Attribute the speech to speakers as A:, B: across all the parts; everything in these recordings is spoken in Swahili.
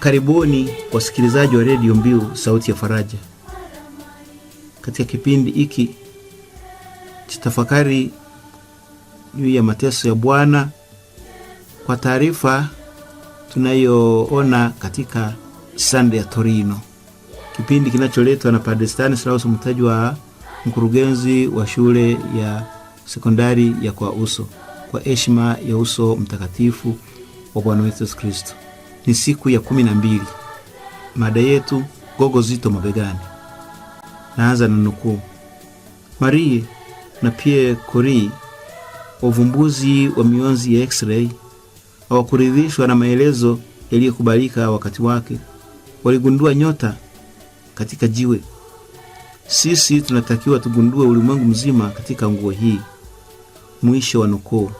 A: Karibuni wasikilizaji wa redio Mbiu sauti ya Faraja, katika kipindi hiki cha tafakari juu ya mateso ya Bwana kwa taarifa tunayoona katika Sande ya Torino, kipindi kinacholetwa na Padre mtaji wa mkurugenzi wa shule ya sekondari ya Kwa Uso, kwa heshima ya uso mtakatifu wa Bwana wetu Yesu Kristo. Ni siku ya kumi na mbili. Mada yetu gogo zito mabegani. Naanza na nukuu. Marie na Pierre Curie, wavumbuzi wa mionzi ya X-ray, hawakuridhishwa na maelezo yaliyokubalika wakati wake. Waligundua nyota katika jiwe. Sisi tunatakiwa tugundue ulimwengu mzima katika nguo hii. Mwisho wa nukuu.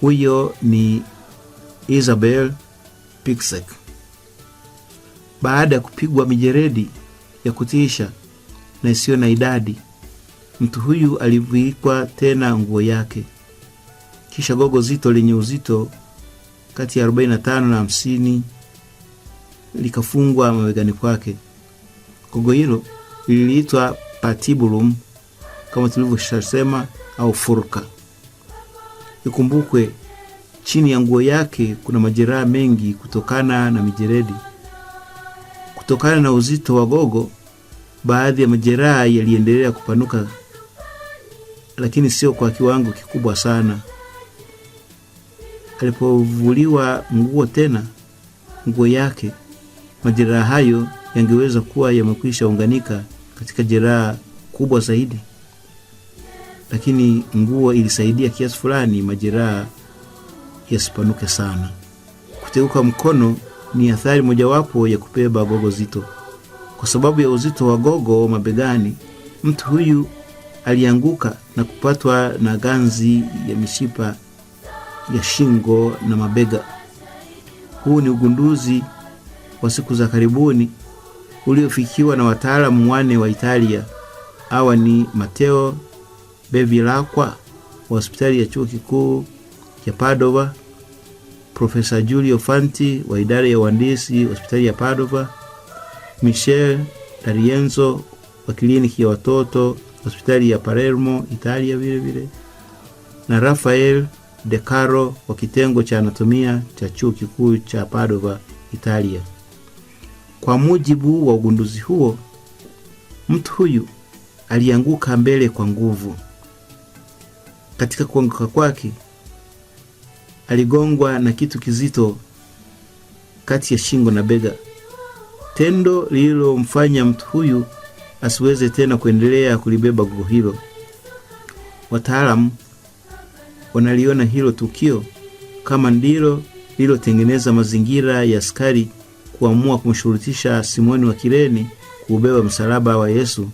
A: Huyo ni Isabel Pixek. Baada ya kupigwa mijeredi ya kutiisha na isiyo na idadi, mtu huyu alivikwa tena nguo yake, kisha gogo zito lenye uzito kati ya 45 na 50 likafungwa mabegani kwake. Gogo hilo liliitwa patibulum kama tulivyoshasema au furka. Ikumbukwe Chini ya nguo yake kuna majeraha mengi kutokana na mijeredi Kutokana na uzito wa gogo, baadhi ya majeraha yaliendelea kupanuka, lakini sio kwa kiwango kikubwa sana. Alipovuliwa nguo tena, nguo yake, majeraha hayo yangeweza kuwa yamekwisha unganika katika jeraha kubwa zaidi, lakini nguo ilisaidia kiasi fulani majeraha yasipanuke sana. Kuteuka mkono ni athari mojawapo ya kubeba gogo zito. Kwa sababu ya uzito wa gogo mabegani, mtu huyu alianguka na kupatwa na ganzi ya mishipa ya shingo na mabega. Huu ni ugunduzi wa siku za karibuni uliofikiwa na wataalamu wane wa Italia. Hawa ni Matteo Bevilacqua wa hospitali ya chuo kikuu ya Padova, Profesa Julio Fanti wa idara ya uhandisi hospitali ya Padova, Michel D'Arienzo wa kliniki ya watoto hospitali ya Palermo, Italia vile vile na Rafael De Caro wa kitengo cha anatomia cha chuo kikuu cha Padova, Italia. Kwa mujibu wa ugunduzi huo, mtu huyu alianguka mbele kwa nguvu. Katika kuanguka kwake aligongwa na kitu kizito kati ya shingo na bega, tendo lililomfanya mtu huyu asiweze tena kuendelea kulibeba gogo hilo. Wataalamu wanaliona hilo tukio kama ndilo lililotengeneza mazingira ya askari kuamua kumshurutisha Simoni wa Kireni kuubeba msalaba wa Yesu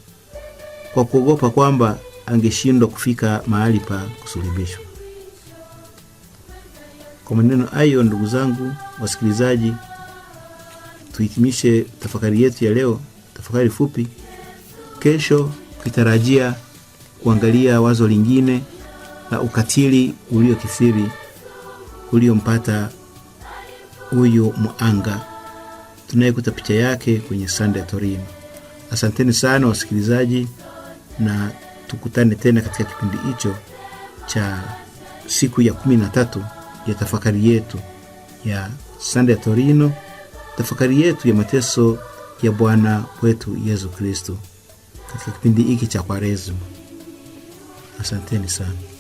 A: kwa kuogopa kwamba angeshindwa kufika mahali pa kusulubishwa. Kwa maneno hayo, ndugu zangu wasikilizaji, tuhitimishe tafakari yetu ya leo, tafakari fupi. Kesho tukitarajia kuangalia wazo lingine la ukatili uliokithiri uliompata huyu muanga tunayekuta picha yake kwenye sande ya Torino. Asanteni sana wasikilizaji, na tukutane tena katika kipindi hicho cha siku ya kumi na tatu ya tafakari yetu ya sande ya Torino, tafakari yetu ya mateso ya Bwana wetu Yesu Kristo katika kipindi hiki cha Kwaresima. Asanteni sana.